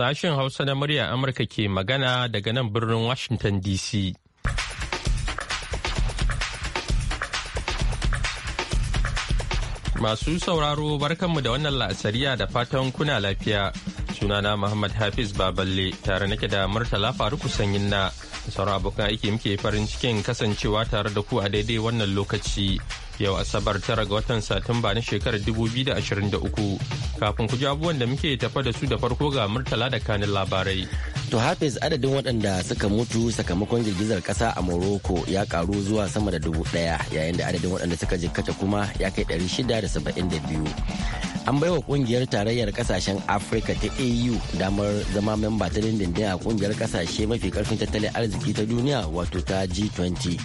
Sashen Hausa na murya Amurka ke magana daga nan birnin Washington DC. Masu sauraro barkanmu da wannan la'asariya da fatan kuna lafiya. Sunana Muhammad Hafiz Baballe tare nake da Murtala Faruku Sanyin na sauran abokan aiki muke farin cikin kasancewa tare da ku a daidai wannan lokaci. yau asabar tara ga watan satumba na shekarar 2023 kafin ku ji abubuwan da muke tafa da su da farko ga murtala da kanin labarai. To Hafiz adadin waɗanda suka mutu sakamakon girgizar ƙasa a Morocco ya karu zuwa sama da dubu ɗaya yayin da adadin waɗanda suka jikkata kuma ya kai ɗari shida da saba'in da biyu. An bai wa kungiyar tarayyar kasashen Afirka ta AU damar zama memba ta dindindin a ƙungiyar ƙasashe mafi karfin tattalin arziki ta duniya wato ta G20.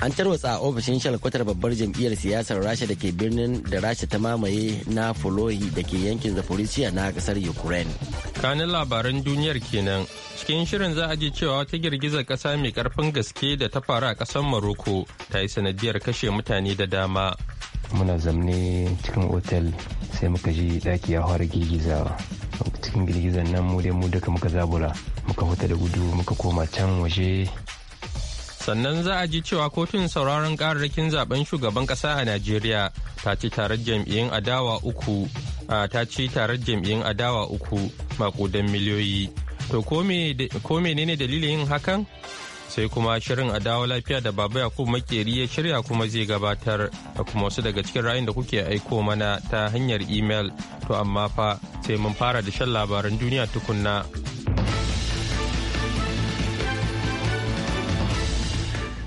an tarwatsa ofishin shalkwatar babbar jam'iyyar siyasar rasha da ke birnin da rasha ta mamaye na fulohi da ke yankin zaporizhia na kasar ukraine kanin labaran duniyar kenan cikin shirin za a ji cewa ta girgizar kasa mai karfin gaske da ta faru a kasar maroko ta yi sanadiyar kashe mutane da dama muna zamne cikin otel sai muka ji daki ya fara girgizawa cikin girgizar nan mu dai mu muka zabura muka huta da gudu muka koma can waje sannan za a ji cewa kotun sauraron kararrakin zaben shugaban kasa a najeriya ta ci tarar jam'iyyun adawa uku ta ci tarar jam'iyyun adawa uku makudan miliyoyi to ko menene dalilin yin hakan sai kuma shirin adawa lafiya da baba yakub makeri ya shirya kuma zai gabatar da kuma wasu daga cikin ra'ayin da kuke aiko mana ta hanyar imel to amma fa sai mun fara da shan labaran duniya tukunna.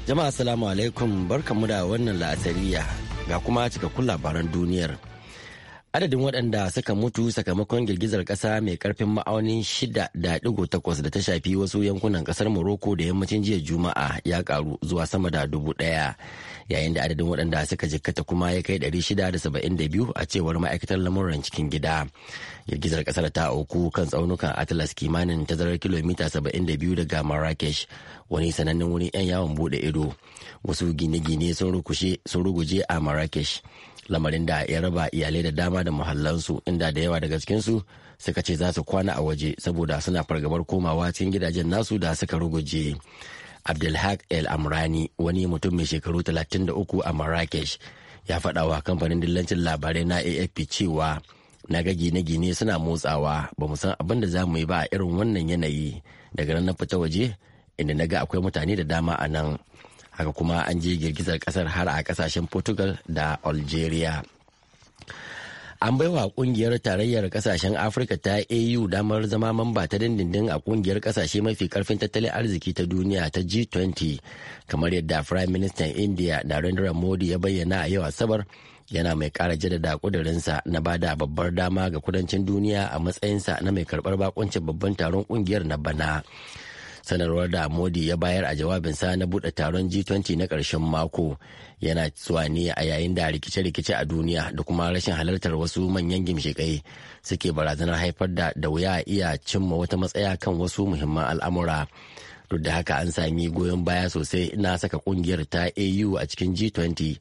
Jama'a salamu alaikum barkamu da wannan la'asariya ga kuma cikakkun labaran duniyar. adadin waɗanda suka mutu sakamakon girgizar ƙasa mai ƙarfin ma'aunin 6.8 da ta shafi wasu yankunan ƙasar morocco da yammacin jiya juma'a ya karu zuwa sama da dubu ɗaya yayin da adadin waɗanda suka jikkata kuma ya kai 672 a cewar ma'aikatar lamuran cikin gida girgizar ƙasar ta auku kan tsaunukan atlas kimanin tazarar kilomita 72 daga marrakesh wani sanannen wurin 'yan yawon buɗe ido wasu gine-gine sun ruguje a marrakesh lamarin da ya raba iyalai da dama da muhallansu inda da yawa daga cikinsu suka ce za su kwana a waje saboda suna fargabar komawa cikin gidajen nasu da suka ruguje abdulhaq el amrani wani mutum mai shekaru 33 a marrakesh ya faɗa wa kamfanin dillancin labarai na afp cewa na ga gine-gine suna motsawa ba mu san abin da za mu yi ba a irin wannan yanayi daga nan na fita waje inda na ga akwai mutane da dama a nan haka kuma an je girgizar kasar har a kasashen portugal da algeria an baiwa kungiyar tarayyar kasashen afirka ta au damar zama mamba ta dindindin a kungiyar kasashe mafi karfin tattalin arziki ta duniya ta g20 kamar yadda prime minister india narendra modi ya bayyana a yau asabar yana mai kara jaddada kudurinsa na bada babbar dama ga kudancin duniya a matsayinsa na mai karbar bakuncin babban taron kungiyar na bana sanarwar da modi ya bayar a jawabinsa na buɗe taron g20 na ƙarshen mako yana zuwa ne a yayin da rikice-rikice a duniya da kuma rashin halartar wasu manyan gimshiƙai suke barazanar haifar da da wuya a iya cimma wata matsaya kan wasu muhimman al'amura duk da haka an sami goyon baya sosai na saka kungiyar ta au a cikin g20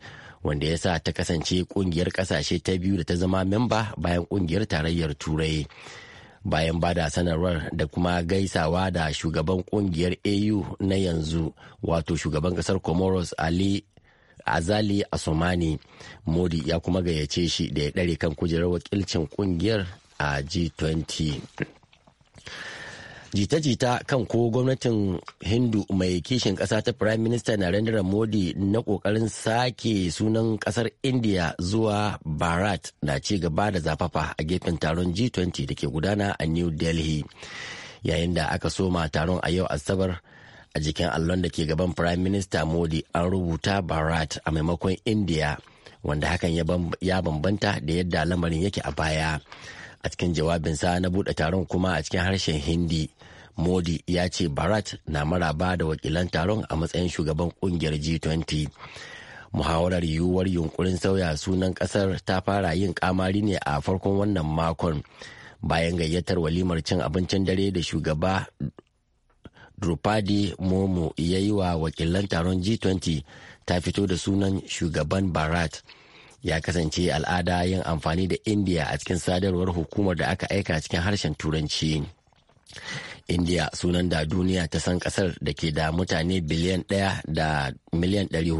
wanda ya sa ta kasance kungiyar kasashe ta biyu da ta zama memba bayan kungiyar tarayyar turai bayan ba da sanarwar da kuma gaisawa da shugaban kungiyar au na yanzu wato shugaban kasar comoros ali azali asomani modi ya kuma gayyace shi da ya ɗare kan kujerar wakilcin kungiyar a g20 jita-jita kan ko gwamnatin hindu mai kishin kasa ta prime minister narendra modi na kokarin sake sunan kasar india zuwa bharat na ci gaba da zafafa a gefen taron g20 da ke gudana a new delhi yayin da aka soma taron a yau asabar a jikin allon da ke gaban prime minister modi an rubuta bharat a maimakon india wanda hakan ya bambanta da yadda lamarin yake a baya. a cikin jawabinsa na buɗe taron kuma a cikin harshen hindi modi ya ce barat na maraba da wakilan taron a matsayin shugaban kungiyar g20 muhawarar yiwuwar yunkurin sauya sunan kasar ta fara yin kamari ne a farkon wannan makon bayan gayyatar walimar cin abincin dare da shugaba drupadi momo ya yi wa wakilan taron g20 ta fito da sunan shugaban barat ya kasance al'ada yin amfani da indiya a cikin sadarwar hukumar da aka aika cikin harshen turanci indiya sunan da duniya ta san kasar da ke da mutane biliyan ɗaya da miliyan ɗari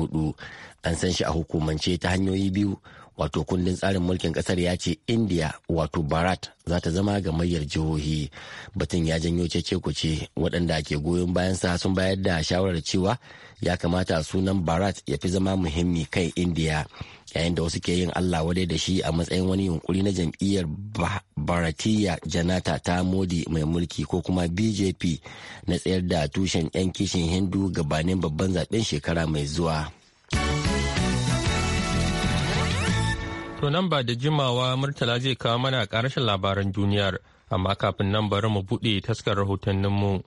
an san shi a hukumance ta hanyoyi biyu wato kundin tsarin mulkin kasar ya ce india wato barat za ta zama ga gamayyar jihohi batun ya janyo cece kuce waɗanda ke goyon bayan bayansa sun bayar da shawarar cewa ya kamata sunan barat ya fi zama muhimmi kan india yayin da wasu ke yin allah wadai da shi a matsayin wani yunkuri na jam'iyyar baratiya janata ta modi mai mulki ko kuma bjp na tsayar da tushen 'yan kishin hindu gabanin babban zaben shekara mai zuwa. To nan ba da jimawa Murtala zai kawo mana ƙarashin labaran duniyar, amma kafin nan bari mu buɗe taskar rahotanninmu.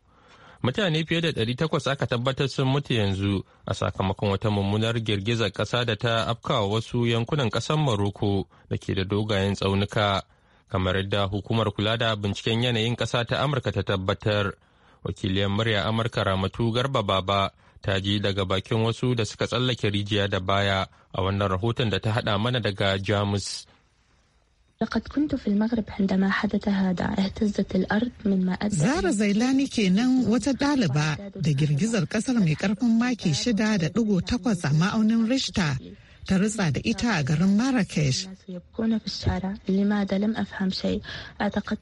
Mutane fiye da ɗari takwas aka tabbatar sun mutu yanzu a sakamakon wata mummunar girgizar ƙasa da ta afkawa wasu yankunan ƙasar Maroko da ke da dogayen tsaunuka. Kamar yadda hukumar kula da binciken yanayin ƙasa ta Amurka ta tabbatar, wakiliyar murya Amurka Ramatu Garba Baba ta daga bakin wasu da suka tsallake rijiya da baya a wannan rahoton da ta haɗa mana daga jamus. لقد كنت في المغرب عندما حدث هذا اهتزت الأرض مما أدى زارة زيلاني كينان وتدالبا da girgizar ƙasar mai karfin maki shida da digo takwas a ma'aunin Rishta ta rutsa da ita a garin marrakesh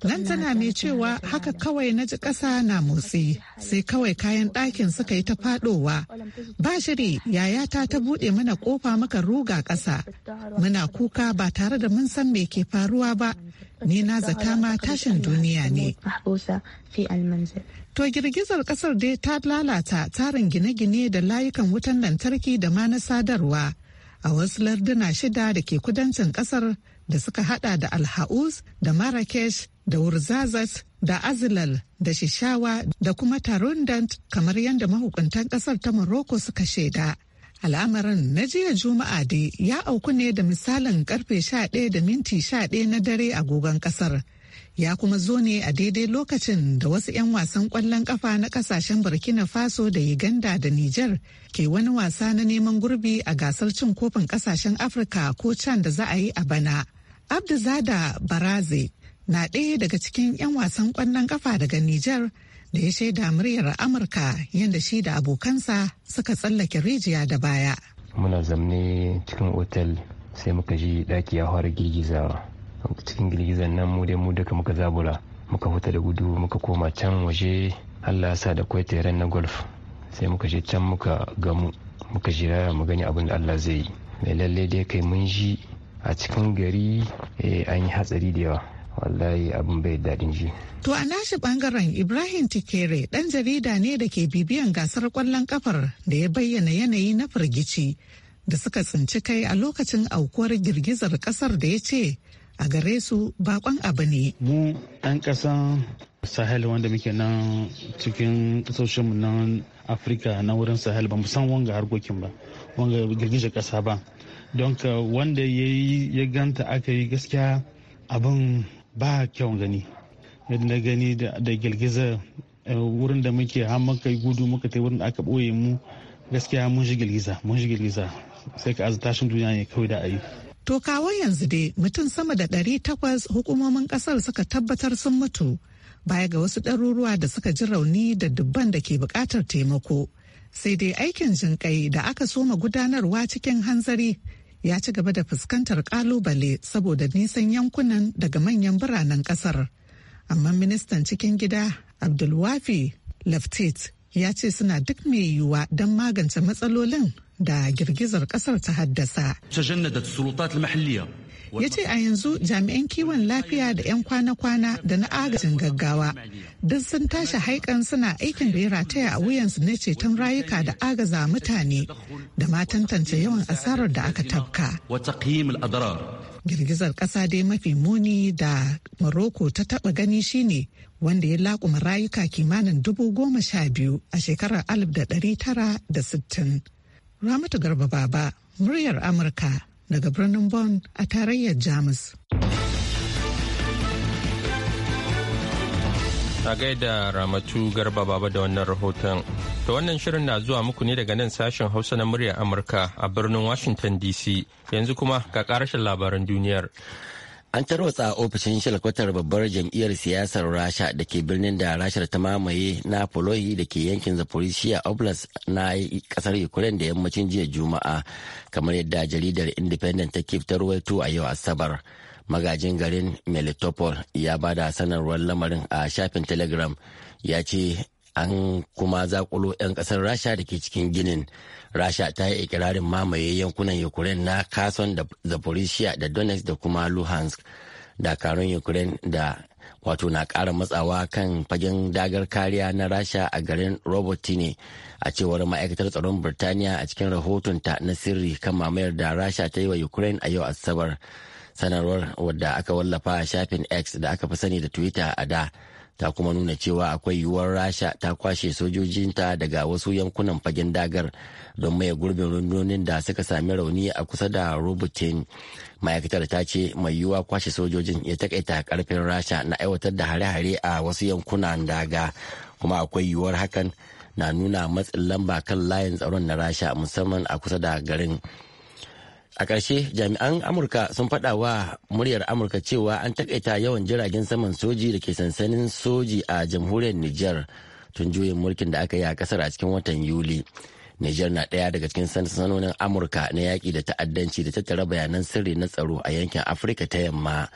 nan tana mai cewa haka kawai na ji ƙasa na motsi sai kawai kayan ɗakin suka yi ta faɗowa ba shiri yayata ta buɗe mana ƙofa muka ruga ƙasa muna kuka ba tare da mun san me ke faruwa ba ni na zata ma tashin duniya ne To girgizar kasar dai ta lalata tarin gine-gine da layukan wutan lantarki da ma na sadarwa a wasu larduna shida da ke kudancin kasar da suka hada da Alhaus da marrakesh da wurzazas da azilal da shishawa da kuma tarundant kamar yadda mahukuntan kasar ta morocco suka shaida al'amarin na jiya juma'a dai ya auku ne da misalin karfe 11 da minti 11 na dare a gogon kasar ya kuma zo ne a daidai lokacin da wasu 'yan wasan kwallon kafa na kasashen burkina faso da uganda da niger ke wani wasa na neman gurbi a gasar cin kofin kasashen afirka ko can da za a yi a bana abduzada baraze na ɗaya daga cikin 'yan wasan kwallon kafa daga niger da ya shaida muryar amurka yadda shi da abokansa suka tsallake rijiya da baya muna zamne cikin otal sai muka ji ɗaki ya fara girgizawa cikin girgizan nan mu dai mu duka muka zabura muka huta da gudu muka koma can waje allah sa da kwai teren na golf sai muka je can muka gamu muka jira mu gani abin da allah zai yi mai lallai dai kai mun ji a cikin gari eh, an yi hatsari da yawa wallahi abin bai daɗin ji. To a nashi bangaren Ibrahim Tikere dan jarida ne da ke bibiyan gasar kwallon kafar da ya bayyana yanayi na firgici da suka tsinci kai a lokacin aukuwar girgizar kasar da ya ce a gare su bakon abu ne. Mu ɗan ƙasan Sahel wanda muke nan cikin mu nan Afirka na wurin Sahel ba san wanga harkokin ba, wanga girgije ƙasa ba. Don ka wanda ya yi ya ganta aka yi gaskiya abin ba kyau gani. Yadda gani da girgiza eh, wurin da muke har gudu muka ta wurin da aka ɓoye mu gaskiya mun shi girgiza mun shi girgiza sai ka azu tashin duniya ne kawai da ayi. To kawo yanzu dai mutum sama da ɗari takwas hukumomin ƙasar suka tabbatar sun mutu baya ga wasu ɗaruruwa da suka ji rauni da dubban da ke buƙatar taimako. Sai dai aikin jinƙai da aka soma gudanarwa cikin hanzari ya ci gaba da fuskantar ƙalubale saboda nisan yankunan daga manyan biranen ƙasar. Amma ministan cikin gida Abdulwafi Laftit ya ce suna duk mai yiwuwa don magance matsalolin da girgizar kasar ta haddasa. ya ce a yanzu jami'an kiwon lafiya da 'yan kwana-kwana da na agajin gaggawa duk sun tashi haikan suna aikin da ya rataya a wuyansu na ceton rayuka da agaza mutane da ma tantance yawan asarar da aka tafka girgizar ƙasa dai mafi muni da Morocco ta taɓa gani shine wanda ya laƙuma rayuka kimanin dubu goma sha biyu a shekarar alif da ɗari tara da sittin. Ramatu Garba Baba, muryar Amurka daga birnin Bonn a tarayyar Jamus. A gaida Ramatu Garba Baba da wannan rahoton. ta wannan shirin na zuwa muku ne daga nan sashen Hausa na muryar Amurka a birnin Washington DC. Yanzu kuma ga karashin labaran duniyar. an tarwatsa ofishin shalkwatar babbar jam'iyyar siyasar rasha da ke birnin da rashar ta mamaye na polohi da ke yankin zaporizhia oblast na kasar ukraine da yammacin jiya juma'a kamar yadda jaridar independent ta kif ta ruwaito a yau asabar magajin garin melitopol ya ba da sanarwar lamarin a shafin telegram ya ce an kuma zakulo 'yan kasar rasha da ke cikin ginin rasha ta yi ikirarin mamaye yankunan ukraine na kason da zaporizhia da donetsk da kuma luhansk dakarun ukraine da wato na kara matsawa kan fagen dagar kariya na rasha a garin robotine a cewar ma'aikatar tsaron birtaniya a cikin rahotonta na sirri kan mamayar da rasha ta yi wa ukraine a yau asabar sanarwar wadda aka wallafa a shafin x da aka fi sani da twitter a da ta kuma nuna cewa akwai yiwuwar rasha ta kwashe sojojinta daga wasu yankunan fagen dagar don maye gurbin rundunonin da suka sami rauni a kusa da rubutin ma'aikatar ta ce mai yiwuwa kwashe sojojin ya takaita karfin rasha na aiwatar da hare-hare a wasu yankunan daga kuma akwai yiwuwar hakan na nuna matsin lamba kan layin tsaron na rasha musamman a kusa da garin a ƙarshe jami'an amurka sun faɗa wa muryar amurka cewa an takaita yawan jiragen saman soji da ke sansanin soji a jamhuriyar Nijar tun juyin mulkin da aka yi a ƙasar a cikin watan yuli Nijar na ɗaya daga cikin sansanonin amurka na yaƙi da ta'addanci da tattara bayanan sirri na tsaro a yankin afirka ta yamma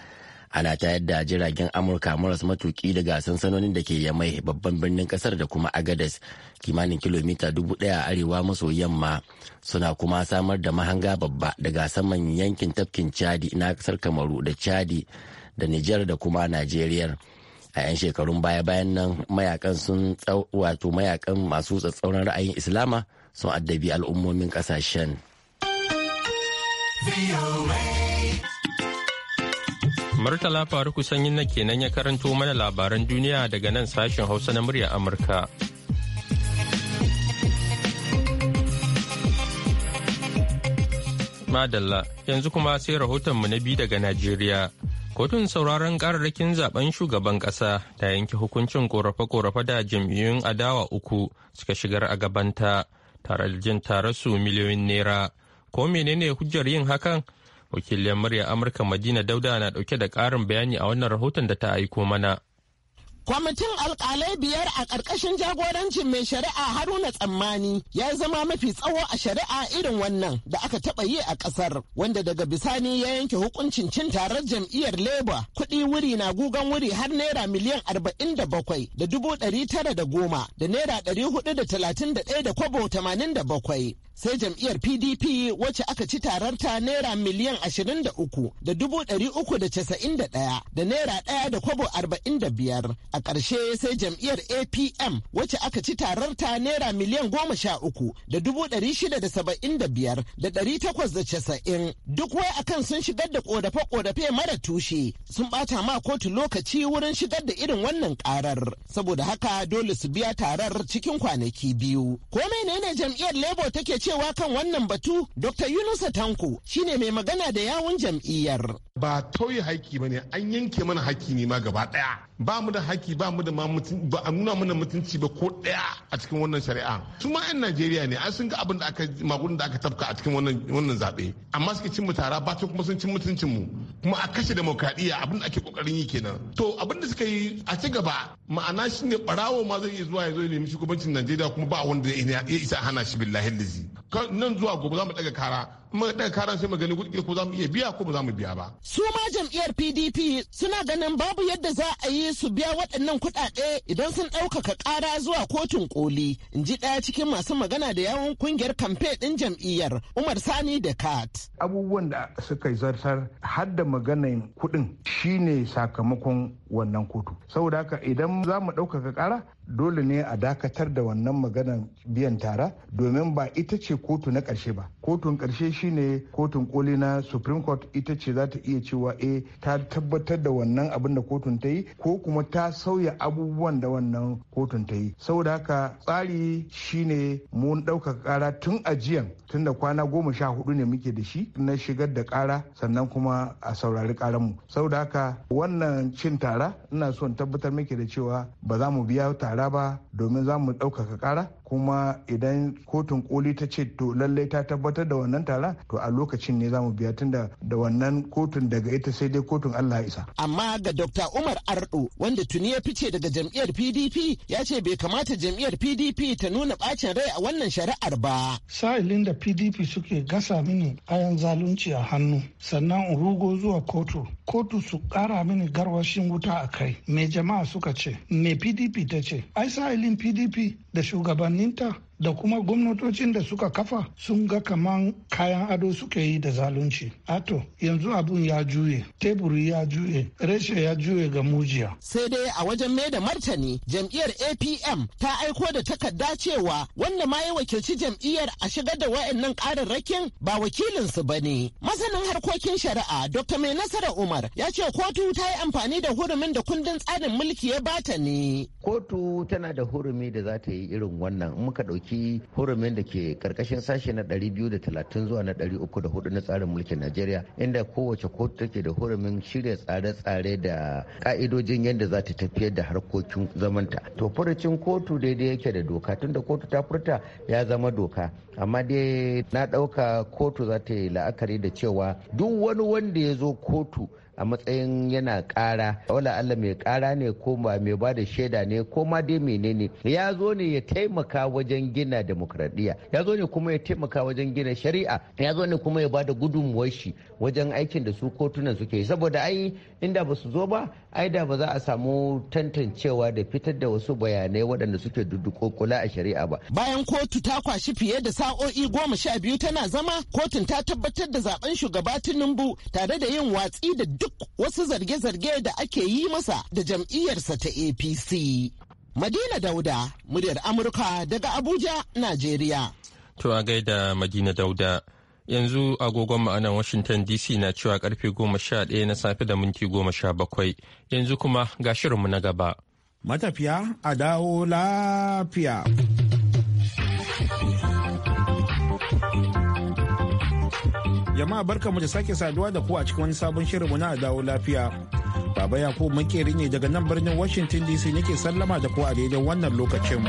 ana tayar da jiragen amurka maras matuki daga sansanonin da ke yamai babban birnin kasar da kuma agades kimanin kilomita dubu daya arewa maso yamma suna kuma samar da mahanga babba daga saman yankin tafkin chadi na kasar kamaru da chadi da niger da kuma nigeria a 'yan shekarun baya-bayan nan mayakan sun wato mayakan masu tsatsauran ra'ayin islama sun addabi al'ummomin kasashen. Murtala Faruku sanyin na kenan ya karanto mana labaran duniya daga nan sashen Hausa na murya Amurka. Madalla, yanzu kuma sai rahotonmu na biyu daga Najeriya. Kotun sauraron kararrakin zaben shugaban ƙasa ta yanke hukuncin korafe-korafe da jam'iyyun adawa uku suka shigar a gabanta tare da jin tare su miliyoyin naira. Ko menene hujjar yin hakan wakiliyar murya amurka madina dauda na dauke da karin bayani a wannan rahoton da ta aiko mana Kwamitin alkalai biyar a ƙarƙashin jagorancin mai shari'a Haruna Tsammani ya zama mafi tsawo a shari'a irin wannan da aka taɓa yi a ƙasar wanda daga bisani ya yanke hukuncin cin tarar jam'iyyar Labour kuɗi wuri na gugan wuri har naira miliyan arba'in da bakwai da dubu ɗari tara da goma da naira ɗari hudu da talatin da ɗaya da kwabo tamanin da bakwai. sai jam'iyyar pdp wacce aka ci tarar tararta naira miliyan 23 da uku da naira 1 da kwabo arba'in da biyar a ƙarshe sai jam'iyyar apm wacce aka ci tararta naira miliyan goma sha uku da dubu ɗari shida da saba'in da biyar da ɗari takwas da casa'in duk wai akan sun shigar da ƙodafe-ƙodafe mara tushe sun ɓata ma kotu lokaci wurin shigar da irin wannan ƙarar saboda haka dole su biya tarar cikin kwanaki biyu ko menene jam'iyyar labour take cewa kan wannan batu dr yunusa tanko shine mai magana da yawun jam'iyyar ba tauye haƙƙi ba ne an yanke mana haƙƙi ne ma gaba ɗaya ba mu da haƙƙi aiki ba mu da ma ba a nuna mana mutunci ba ko daya a cikin wannan shari'a su ma yan najeriya ne an sun ga abin da aka magudin da aka tafka a cikin wannan wannan zabe amma suke cin mutara tara ba kuma sun cin mutuncin mu kuma a kashe demokradiyya abin da ake kokarin yi kenan to abin da suka yi a ci gaba ma'ana shine barawo ma zai iya zuwa ya zo ya nemi shugabancin najeriya kuma ba wanda ya isa hana shi billahi lazi nan zuwa gobe za mu daga kara muka daga karan sai mu gani kuɗi ko za mu iya biya ko ba za mu biya ba. su ma jam'iyyar pdp suna ganin babu yadda za a yi su biya waɗannan kuɗaɗe idan sun ɗaukaka ƙara zuwa kotun koli in ji ɗaya cikin masu magana da yawon kungiyar kamfe ɗin jam'iyyar umar sani da kat. abubuwan da suka zartar har da maganan kuɗin shine sakamakon wannan kotu saboda haka idan za mu ɗaukaka ƙara dole ne a dakatar da wannan maganan biyan tara domin ba ita ce kotu na karshe ba kotun ƙarshe shine kotun koli na supreme court ita ce za ta iya cewa e ta tabbatar da wannan abin da kotun ta yi ko kuma ta sauya abubuwan da wannan kotun ta yi saboda haka tsari shine mun ɗaukaka kara tun ajiyan tun da kwana goma sha hudu ne muke da shi na shigar da kara sannan kuma a saurari karanmu sau da haka wannan cin tara ina son tabbatar muke da cewa ba za mu biya tara ba domin za mu ɗaukaka kara kuma idan kotun koli ta ce to lallai ta tabbatar da wannan tara to a lokacin ne zamu biya tun da wannan kotun daga ita sai dai kotun Allah isa. Amma ga Dr. Umar Ardo wanda tuni ya fice daga jam'iyyar PDP ya ce bai kamata jam'iyyar PDP ta nuna bacin rai a wannan shari'ar ba. Sa'ilin da PDP suke gasa mini kayan zalunci a hannu sannan in rugo zuwa kotu. Kotu su kara mini garwashin wuta a kai. Me jama'a suka ce? Me PDP ta ce? Ai sa'ilin PDP da shugaban shugabanninta da kuma gwamnatocin da suka kafa sun ga kaman kayan ado suke yi da zalunci. Ato, yanzu abun ya juye, teburi ya juye, reshe ya juye ga mujiya. Sai dai a wajen mai da martani, jam'iyyar APM ta aiko da takarda cewa wanda ma ya wakilci jam'iyyar a shigar da wayannan ƙararrakin ba wakilinsu ba ne. Masanin harkokin shari'a Dr. Mai Nasara Umar ya ce kotu ta yi amfani da hurumin da kundin tsarin mulki ya bata ne. Kotu tana da hurumi da za ta yi irin wannan in muka ɗauki mallaki hurumin da ke karkashin sashe na 230 zuwa na 304 na tsarin mulkin Najeriya inda kowace kotu take da hurumin shirya tsare-tsare da ka'idojin yadda za ta tafiyar da harkokin zamanta. To furucin kotu daidai yake da doka tun da kotu ta furta ya zama doka amma dai na ɗauka kotu za ta yi la'akari da cewa duk wani wanda ya zo kotu a matsayin yana kara wala Allah mai kara ne ko mai ba da shaida ne ko ma dai menene ya zo ne ya taimaka wajen gina demokradiya ya zo ne kuma ya taimaka wajen gina shari'a ya zo ne kuma ya ba da gudunmuwar shi wajen aikin da su kotunan suke saboda ai inda ba su zo ba ai da ba za a samu tantancewa da fitar da wasu bayanai waɗanda suke kula a shari'a ba. Bayan kotu ta kwashi fiye da sa'o'i goma sha biyu tana zama kotun ta tabbatar da zaben shugaba Tinubu tare da yin watsi da duk wasu zarge-zarge da ake yi masa da jam'iyyarsa ta APC. Madina Dauda, muryar Amurka daga Abuja, Najeriya. To a gaida Madina Dauda. Yanzu agogon ma'anan Washington DC na cewa karfe goma sha ɗaya na safe da minti goma sha bakwai. Yanzu kuma ga shirinmu na gaba. Matafiya a dawo lafiya. Jama'a barka mu da sake saduwa da ku a cikin wani sabon shirinmu na dawo lafiya. Baba Yakubu makeri ne daga nan birnin Washington DC nake sallama da ku a daidai wannan lokacin.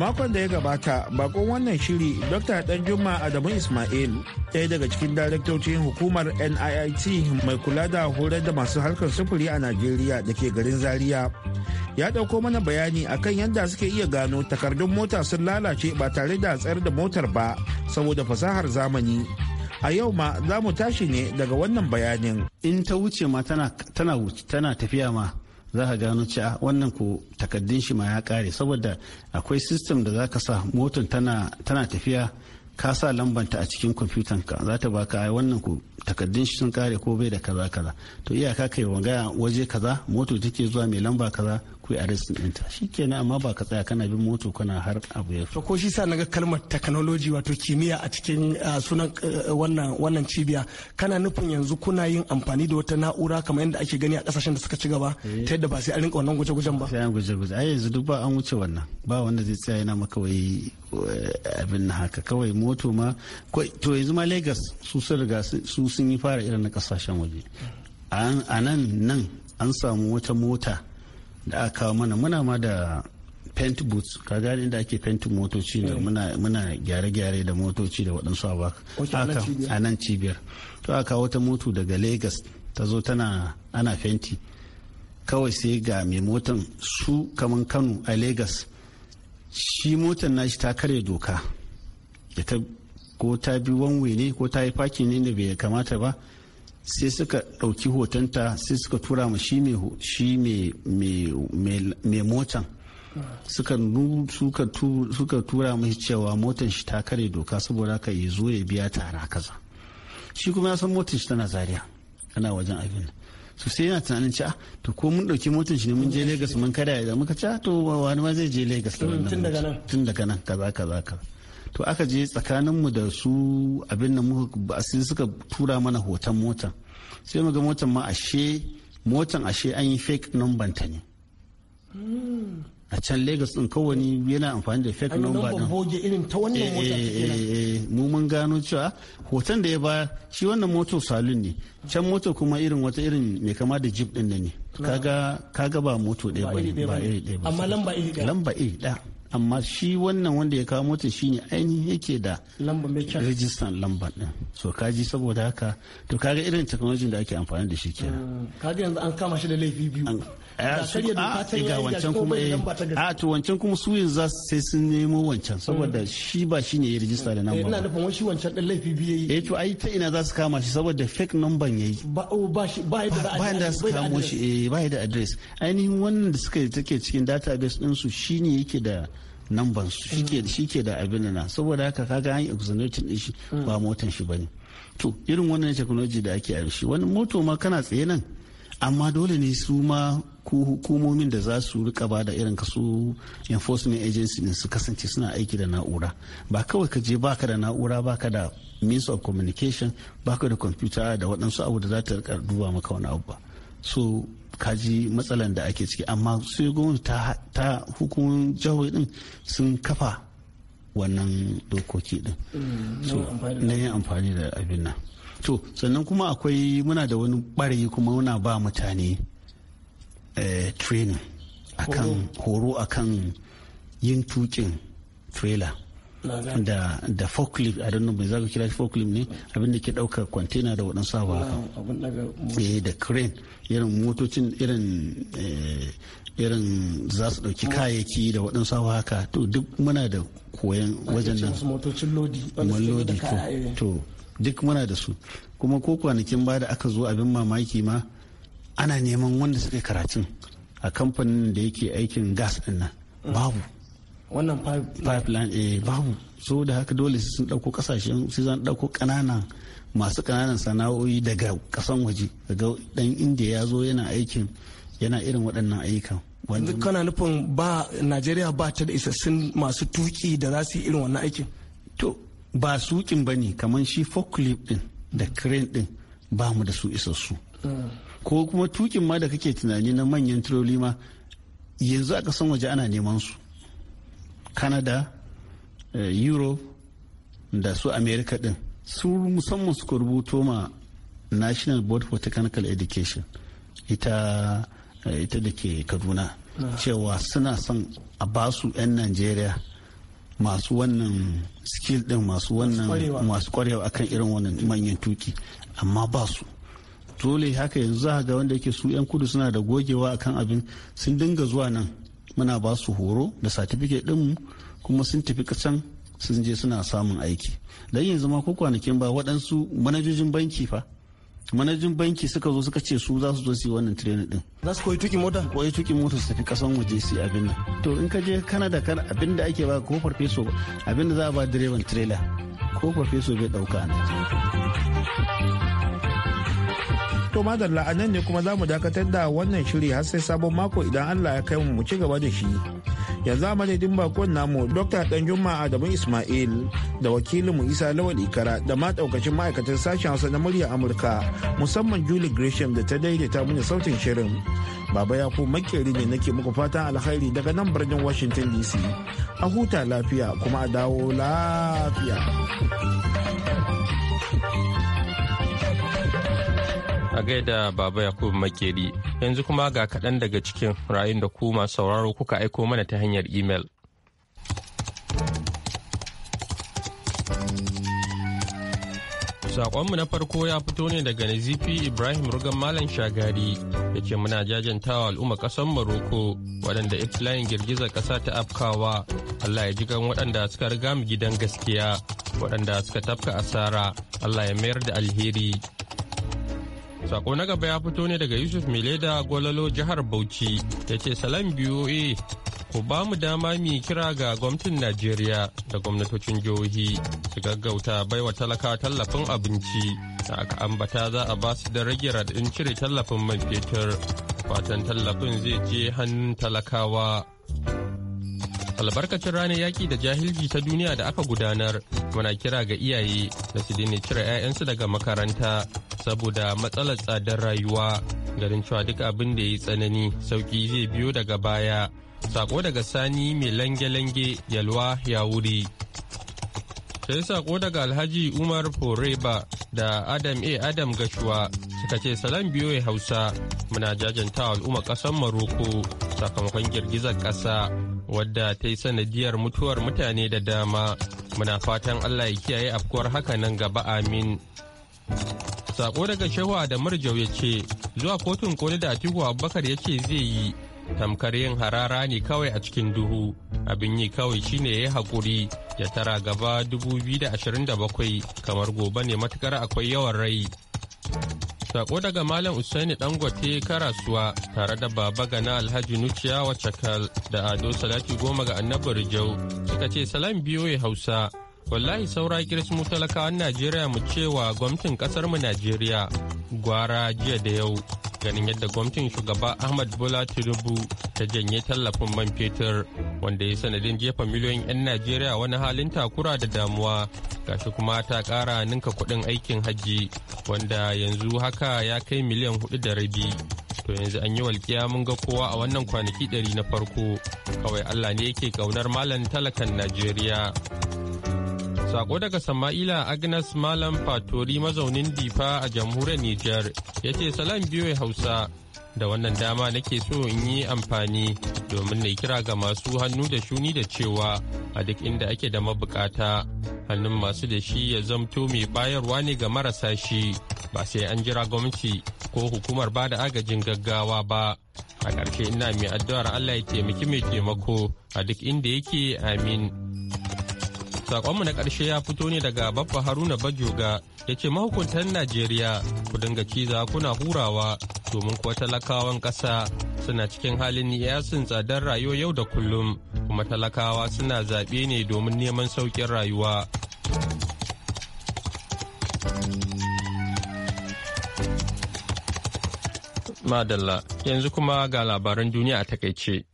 makon da ya gabata bakon wannan shiri dr danjuma adamu ismail ɗaya daga cikin daraktocin hukumar niit mai kula da horar da masu harkar sufuri a najeriya da ke garin zaria ya ɗauko mana bayani akan yadda suke iya gano takardun mota sun lalace ba tare da tsayar da motar ba saboda fasahar zamani a yau ma za mu tashi ne daga wannan bayanin in ta wuce ma tana tafiya ma za ka gano cewa ah, wannan ku takaddun shi ma ya kare saboda akwai system da za ka sa motar tana tafiya ka sa lambanta a cikin kwamfutan ka za ta baka ai wannan ku takaddun shi sun kare ko bai da kaza kaza to iyaka kai wanga waje kaza motar take zuwa mai lamba kaza a resin ɗinta shikenan amma ba ka tsaya kana bin moto kana har abu ya ko shi sa naga kalmar technology wato kimiyya a cikin ah, sunan eh, wannan wannan cibiya kana nufin yanzu kuna yin amfani da wata na'ura kamar yadda ake gani a kasashen da suka ci gaba eh. ta yadda ba sai an rinka wannan guje-gujen ba sai an guje-guje ai yanzu duk ba an wuce wannan ba wanda zai tsaya yana maka wai eh, abin na haka kawai moto ma to yanzu ma lagos su sun riga su sun yi fara irin na kasashen waje a nan nan an samu wata mota da aka kawo mana muna ma da paint boots ka gane inda ake paint motoci da eh. muna gyare-gyare da motoci da waɗansu a nan cibiyar to aka wata moto daga lagos ta zo tana ana fenti kawai sai ga mai motan su kaman kano a lagos shi motan nashi ta karya doka ko ta bi wanwe ne ko ta yi fakin ne da bai kamata ba sai suka ɗauki hotonta sai suka tura ma shi mai motan suka tura ma cewa motan shi ta kare doka saboda ka yi zo ya biya tara kaza shi kuma ya san motan shi tana zariya ana wajen abin su sai yana tunanin ci to ko mun dauki motan shi ne mun je Legas mun kada ya muka ci to wani ma zai je Legas tun daga nan kaza kaza kaza to aka je tsakaninmu da su abin da sai suka tura mana hoton motan sai muga motan ma ashe motan ashe an yi fake number ta ne a can lagos din kowani yana amfani da fake number din boge irin ta wannan eh, mota eh, eh, mu mun gano cewa hoton da ya ba shi wannan moto salon ne can moto kuma irin wata irin mai kama da jeep din ne kaga kaga ba moto ɗaya ba iri ɗaya ba amma lamba iri ɗaya lamba iri ɗaya amma shi wannan wanda ya kawo mota shine ainihin yake da rijistan lambar din so kaji saboda haka to kaga irin technology da ake amfani da shi kenan mm, kaga yanzu an kama shi da laifi biyu ga wancan kuma eh. a to wancan kuma su yanzu za su sai sun nemo wancan mm. saboda shi ba shine ya rijista da eh, namba ina fama shi wancan din laifi biyu yayi eh to ai ta ina za su kama shi saboda fake number yayi ba oh, ba shi ba yadda za su kamo shi eh ba yadda address ainihin wannan da suka take cikin database din su shine yake da nan ban shi ke da abin nan saboda haka kaga an exonerating din shi mm. ba motan shi bane to irin wannan technology da ake a shi wani moto ma kana tsaye nan amma dole ne su ma hukumomin da za su rika ba da irin kasu enforcement agency din su kasance suna aiki da na'ura ba kawai ka je baka da na'ura baka da means of communication baka da computer da waɗansu abu da za ta duba maka wani abu ba so kaji matsalan da ake ciki amma sai gwamnati ta hukumar jihohi din sun kafa wannan dokoki din mm, so na yi amfani da abin nan to sannan kuma akwai muna da wani ɓari kuma muna ba mutane eh, training akan horo akan yin tukin trailer da da forklift a don mai zaka kira forklift ne abinda ke ɗaukar kwantena da waɗansu abu haka eh, da crane irin motocin irin eh, irin za su ɗauki kayayyaki da waɗansu abu haka to duk muna da koyan wajen nan motocin lodi lodi to duk muna da su kuma ko kwanakin ba da aka zo abin mamaki ma ana neman wanda suka karatun a kamfanin da yake aikin gas ɗin nan mm. babu wannan pipeline eh babu so da haka dole sun dauko kasashen su zan dauko kanana masu kananan sana'o'i daga kasan waje daga dan indiya ya zo yana aikin yana irin waɗannan ayyukan wanda kana nufin ba najeriya ba ta da isassun masu tuki da za su yi irin wannan aikin to ba sukin ba ne kamar shi forklift din da crane din ba mu da su isassu ah. ko kuma tukin ma da kake tunani na manyan tiroli ma yanzu a kasan waje ana neman su canada eh, europe da su america din su musamman suka rubuto ma national board for technical education ita eh, ita da ke kaduna ah. cewa suna son a basu 'yan najeriya masu wannan skill din masu wannan masu kwarewa akan irin wannan manyan tuki amma ba su dole haka yanzu za ga wanda yake su 'yan kudu suna da gogewa akan abin sun dinga zuwa nan muna ba su horo da certificate ɗinmu kuma sun tafi kasan sun je suna samun aiki don yanzu ma ko kwanakin ba waɗansu manajojin banki fa manajin banki suka zo suka ce su za su zo su yi wannan training din za su koyi tuki mota koyi tuki mota su tafi kasan waje su yi abin nan to in ka je kanada kan abin da ake ba ko farfeso abin da za a ba direban trailer ko farfeso bai dauka a To madalla a nan ne kuma za mu dakatar da wannan shiri har sai sabon mako idan Allah ya kai mu mu ci gaba da shi. Yanzu a madadin bakon namu Dr. Danjuma Adamu Ismail da wakilinmu Isa Lawal Ikara da ma daukacin ma'aikatan sashen Hausa na murya Amurka musamman Julie Gresham da ta daidaita mini sautin shirin. Baba ya ku makeri ne nake muku fatan alkhairi daga nan birnin Washington DC. A huta lafiya kuma a dawo lafiya. a gaida baba yakubu makeri yanzu kuma ga kaɗan daga cikin ra'ayin da ku masu sauraro kuka aiko mana ta hanyar imel saƙonmu na farko ya fito ne daga Nazifi Ibrahim Rugan Malam Shagari ya ce muna jajantawa al'umma ƙasar Maroko waɗanda iflayin girgizar ƙasa ta afkawa. Allah ya jigan waɗanda suka riga mu gidan gaskiya waɗanda suka tafka asara Allah ya mayar da alheri. Sako na gaba ya fito ne daga Yusuf Meleda Gwalalo jihar Bauchi ya ce salam BOA ku ba mu dama mu kira ga gwamnatin Najeriya da gwamnatocin jihohi su gaggauta baiwa talaka tallafin abinci da aka ambata za a ba su da rage radin cire tallafin man fetur fatan tallafin zai je hannun talakawa. albarkacin ranar yaƙi da jahilci ta duniya da aka gudanar muna kira ga iyaye da su daina cire 'ya'yansu daga makaranta saboda matsalar tsadar rayuwa garin cewa duk abin da ya yi tsanani sauki zai biyo daga baya sako daga sani mai lange-lange yalwa ya wuri sai sako daga alhaji umar foreba da adam a adam gashuwa suka ce salam biyo hausa muna jajanta al'umma ƙasar maroko sakamakon girgizar kasa wadda ta yi sanadiyar mutuwar mutane da dama muna fatan allah ya kiyaye afkuwar haka nan gaba amin Sako daga Shehu da Jau ya ce zuwa kotun koli da Atiku Abubakar ya ce zai yi tamkar yin harara ne kawai a cikin duhu abin yi kawai shine ya yi haƙuri ya tara gaba 2027 kamar gobe ne matukar akwai yawan rai sako daga malam usaini dangote karasuwa tare da baba gana alhaji nuciya wacakal da ado salati goma ga annabar jau suka ce salam biyo hausa wallahi saura kirismu talakawan najeriya mu cewa gwamnatin kasarmu najeriya gwara jiya da yau ganin yadda gwamnatin shugaba ahmad bola tinubu ta janye tallafin man fetur wanda ya sanadin jefa miliyoyin 'yan najeriya wani halin takura da damuwa gashi kuma ta kara ninka kudin aikin hajji wanda yanzu haka ya kai miliyan hudu da rabi to yanzu an yi walƙiya mun ga kowa a wannan kwanaki ɗari na farko kawai allah ne yake ƙaunar malam talakan najeriya Sako daga Sama'ila Agnes Malam Fatori mazaunin Difa a jamhuriyar Nijar ya ce salam ya Hausa da wannan dama nake so in yi amfani domin na kira ga masu hannu da shuni da cewa a duk inda ake da mabukata hannun masu da shi ya zamto mai bayarwa ne ga marasa shi ba sai an jira gwamnati ko hukumar ba da agajin gaggawa ba a ƙarshe ina mai addu'ar Allah ya taimaki mai taimako a duk inda yake amin. Sakonmu na ƙarshe ya fito ne daga Baffa Haruna Bajoga ya ce mahukuntan Najeriya ku dinga ciza kuna hurawa domin kuwa talakawan ƙasa suna cikin halin niyasin tsadar rayuwa yau da kullum kuma talakawa suna zaɓe ne domin neman sauƙin rayuwa. Madalla yanzu kuma ga labaran duniya a takaice.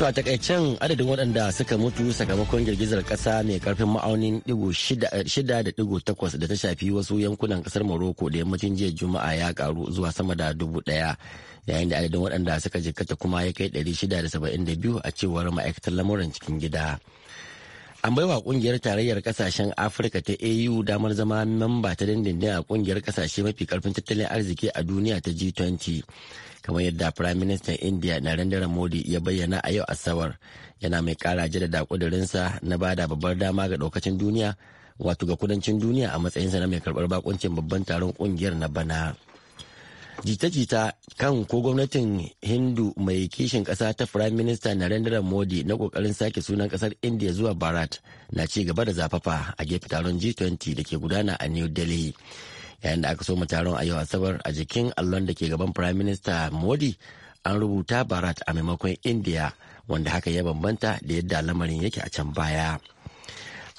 To a takaicen adadin waɗanda suka mutu sakamakon girgizar ƙasa mai karfin ma'aunin 6.8 eh, da ta shafi wasu yankunan ƙasar Morocco da yammacin jiya Juma'a ya karu zuwa sama da dubu ɗaya yayin da adadin waɗanda suka jikkata kuma ya kai 672 a cewar ma'aikatar lamuran cikin gida. an baiwa kungiyar tarayyar kasashen afirka ta au damar zama mamba ta dindindin a kungiyar kasashe mafi karfin tattalin arziki a duniya ta g20 kamar yadda prime minister india narendra modi ya bayyana a yau asabar yana mai kara da kudurinsa na bada babbar dama ga daukacin duniya wato ga kudancin duniya a matsayinsa na mai karbar bakuncin babban taron kungiyar na bana jita-jita kan ko gwamnatin hindu mai kishin kasa ta prime minister narendra modi na kokarin sake sunan kasar india zuwa barat na ci gaba da zafafa a gefe taron g20 da ke gudana a new delhi yayin da aka soma taron a yau asabar a jikin allon da ke gaban prime minister modi an rubuta barat a maimakon india wanda haka ya bambanta da yadda lamarin yake a can baya.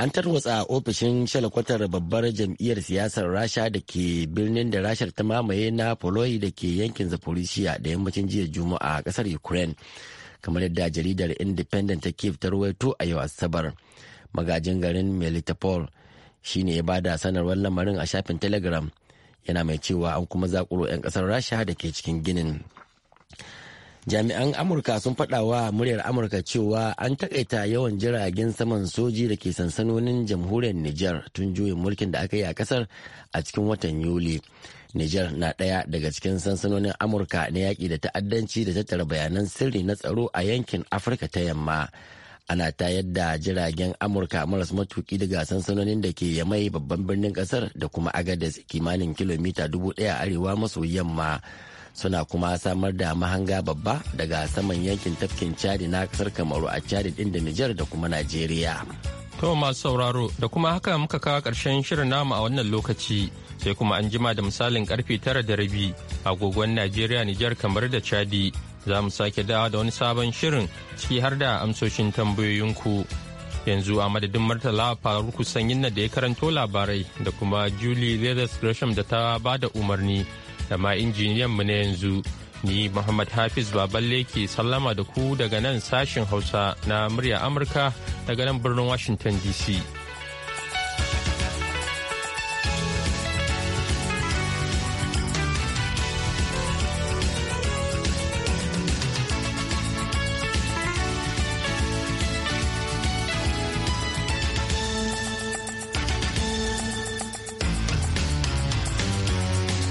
an tarwatsa ofishin shalakwatar babbar jam'iyyar siyasar rasha da ke birnin da rashar ta mamaye na poloi da ke yankin zaporishiya da yammacin jiya juma'a a kasar ukraine kamar yadda jaridar independent ta kiev ta ruwaito a yau asabar magajin garin melitopol shine ya bada sanarwar lamarin a shafin telegram yana mai cewa an kuma zakuro 'yan kasar rasha da ke cikin ginin jami'an amurka sun faɗa wa muryar amurka cewa an takaita yawan jiragen saman soji da ke sansanonin jamhuriyar niger tun juyin mulkin da aka yi a kasar a cikin watan yuli niger na ɗaya daga cikin sansanonin amurka na yaki da ta'addanci da tattara bayanan sirri na tsaro a yankin afirka ta yamma ana tayar da jiragen amurka maras matuki daga sansanonin da ke yamai babban birnin kasar da kuma agadis kimanin kilomita dubu ɗaya arewa maso yamma suna kuma samar da mahanga babba daga saman yankin tafkin chadi na kasar kamaru a chadi din da nijar da kuma najeriya to masu sauraro da kuma haka muka kawo karshen shirin namu a wannan lokaci sai kuma an jima da misalin karfe tara da rabi agogon najeriya nijar kamar da chadi za mu sake dawa da wani sabon shirin ciki har da amsoshin tambayoyinku yanzu a madadin martala faruku sanyin da ya karanto labarai da kuma julie leathers gresham da ta bada umarni da ma injiniyan mu na yanzu ni Muhammad Hafiz Baballe ke sallama da ku daga nan sashin Hausa na murya Amurka daga nan birnin Washington DC.